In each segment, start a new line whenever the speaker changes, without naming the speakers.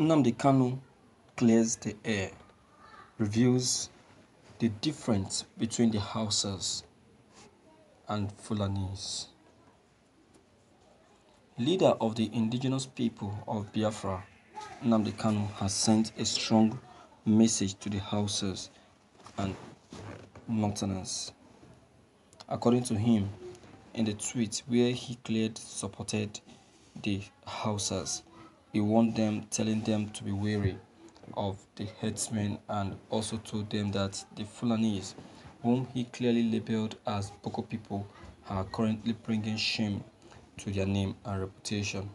Nnamdi Kanu clears the air, reveals the difference between the Hausas and Fulanis. Leader of the indigenous people of Biafra, Nnamdi Kanu has sent a strong message to the Hausas and Northerners. According to him, in the tweet where he clearly supported the Hausas, he warned them, telling them to be wary of the herdsmen and also told them that the Fulanis, whom he clearly labeled as Boko people, are currently bringing shame to their name and reputation,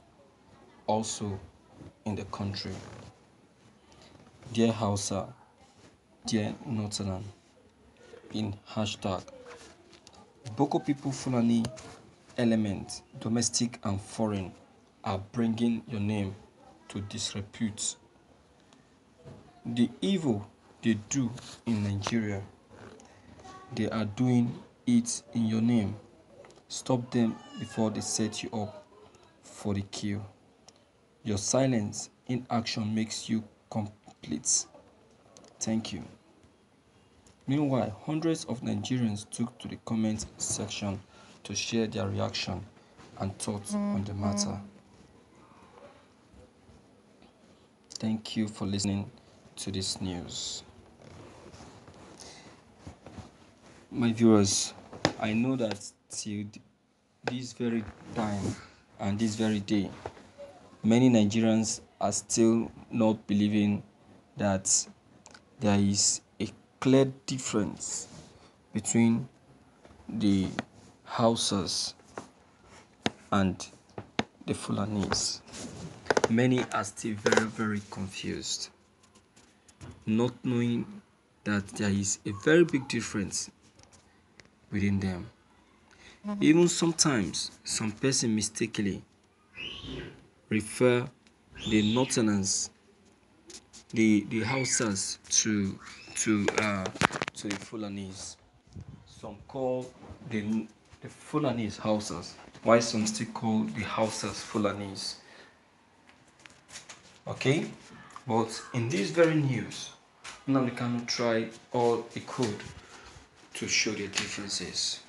also in the country. Dear Hausa, dear Northern, in hashtag Boko people Fulani element, domestic and foreign are bringing your name to disrepute. The evil they do in Nigeria, they are doing it in your name. Stop them before they set you up for the kill. Your silence in action makes you complete. Thank you. Meanwhile, hundreds of Nigerians took to the comment section to share their reaction and thoughts on the matter. Thank you for listening to this news. My viewers, I know that till this very time and this very day, many Nigerians are still not believing that there is a clear difference between the houses and the Fulanese. Many are still very, very confused, not knowing that there is a very big difference within them. Even sometimes, some person mistakenly refer the northerners, the the houses, to to uh, to the Fulanese. Some call the the Fulanese houses. Why some still call the houses Fulanese okay but in this very news Nnamdi tried all he could to show the differences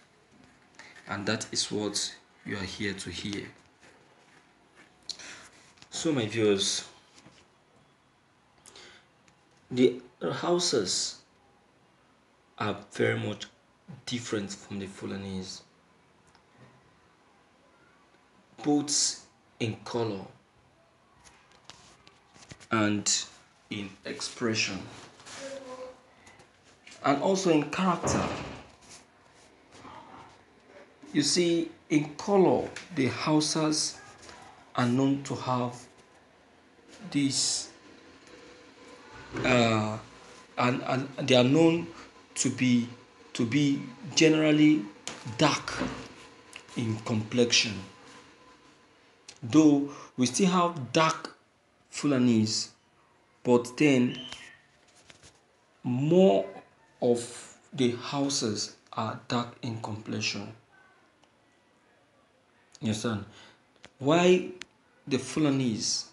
and that is what you are here to hear so my viewers the houses are very much different from the Fulanese both in color and in expression and also in character. You see, in color, the Hausas are known to have this, uh, and, and they are known to be to be generally dark in complexion. Though we still have dark Fulanese, but then more of the houses are dark in complexion. You understand? Why the Fulanese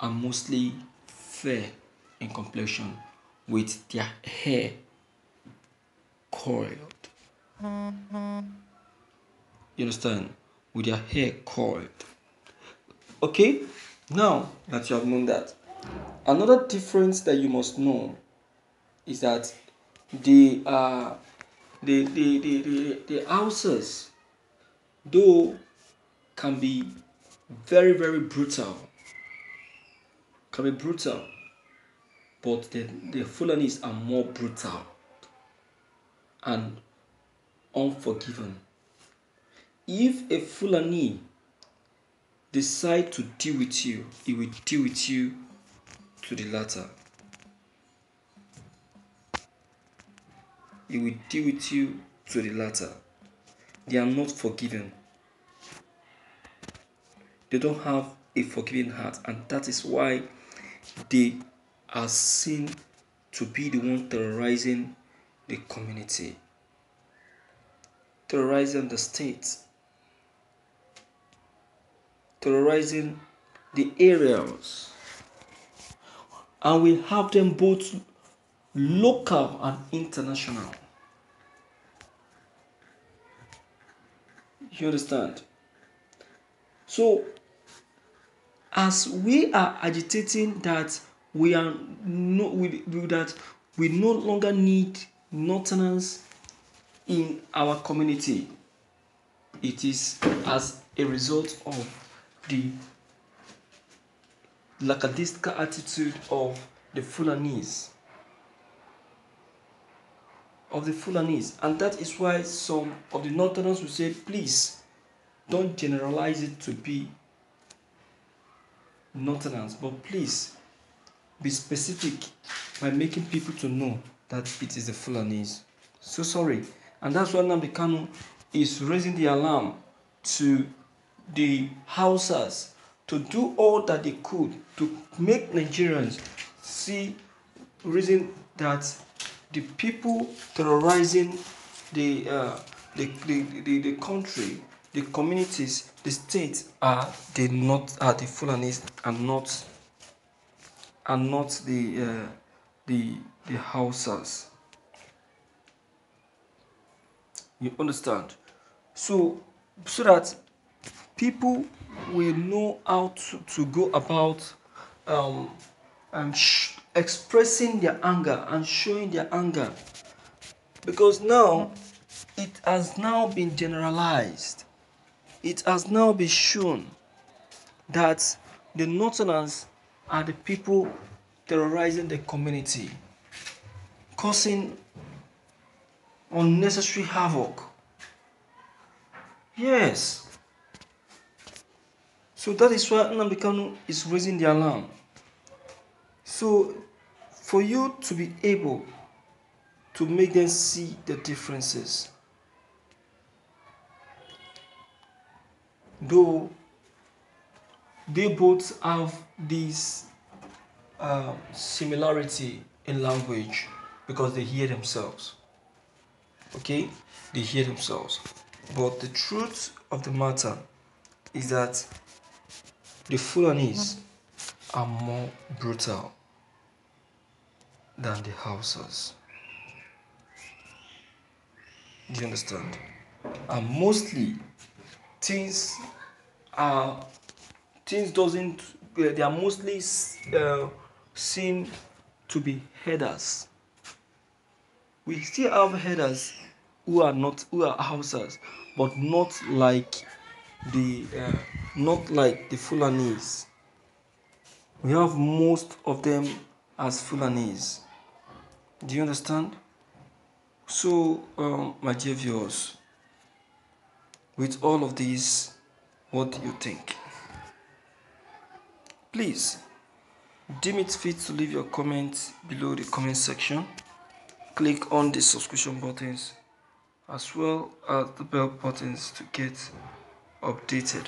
are mostly fair in complexion with their hair coiled. You understand? With their hair coiled. Okay? Now that you have known that, another difference that you must know is that the, uh, the, the, the, the, the houses, though, can be very, very brutal. Can be brutal. But the, the Fulanis are more brutal and unforgiven. If a Fulani decide to deal with you, he will deal with you to the latter. He will deal with you to the latter. They are not forgiven. They don't have a forgiving heart, and that is why they are seen to be the one terrorizing the community, terrorizing the state terrorizing the areas. And we have them both local and international. You understand? So, as we are agitating that we are no we, that we no longer need northerners in our community, it is as a result of the lackadaisical attitude of the Fulanese. Of the Fulanese. And that is why some of the Northerners will say, please don't generalize it to be Northerners, but please be specific by making people to know that it is the Fulanese. So sorry. And that's why the Kanu is raising the alarm to the houses to do all that they could to make Nigerians see reason that the people terrorizing the, uh, the, the, the, the, country, the communities, the states are the not are the Fulanese and not and not the uh, the the houses. You understand? So so that people will know how to, to go about um, expressing their anger and showing their anger because now it has now been generalized it has now been shown that the northerners are the people terrorizing the community causing unnecessary havoc yes so that is why Nnamdi is raising the alarm. So for you to be able to make them see the differences, though they both have this uh, similarity in language because they hear themselves. Okay? They hear themselves. But the truth of the matter is that the felonies are more brutal than the Hausas. Do you understand? And mostly, things are things doesn't. They are mostly uh, seen to be headers. We still have headers who are not who are Hausas, but not like the. Uh, not like the Fulanese. We have most of them as Fulanese. Do you understand? So, um, my dear viewers, with all of this, what do you think? Please, deem it fit to leave your comments below the comment section. Click on the subscription buttons as well as the bell buttons to get updated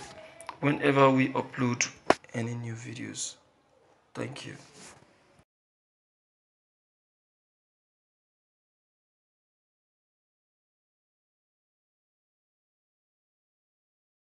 whenever we upload any new videos thank you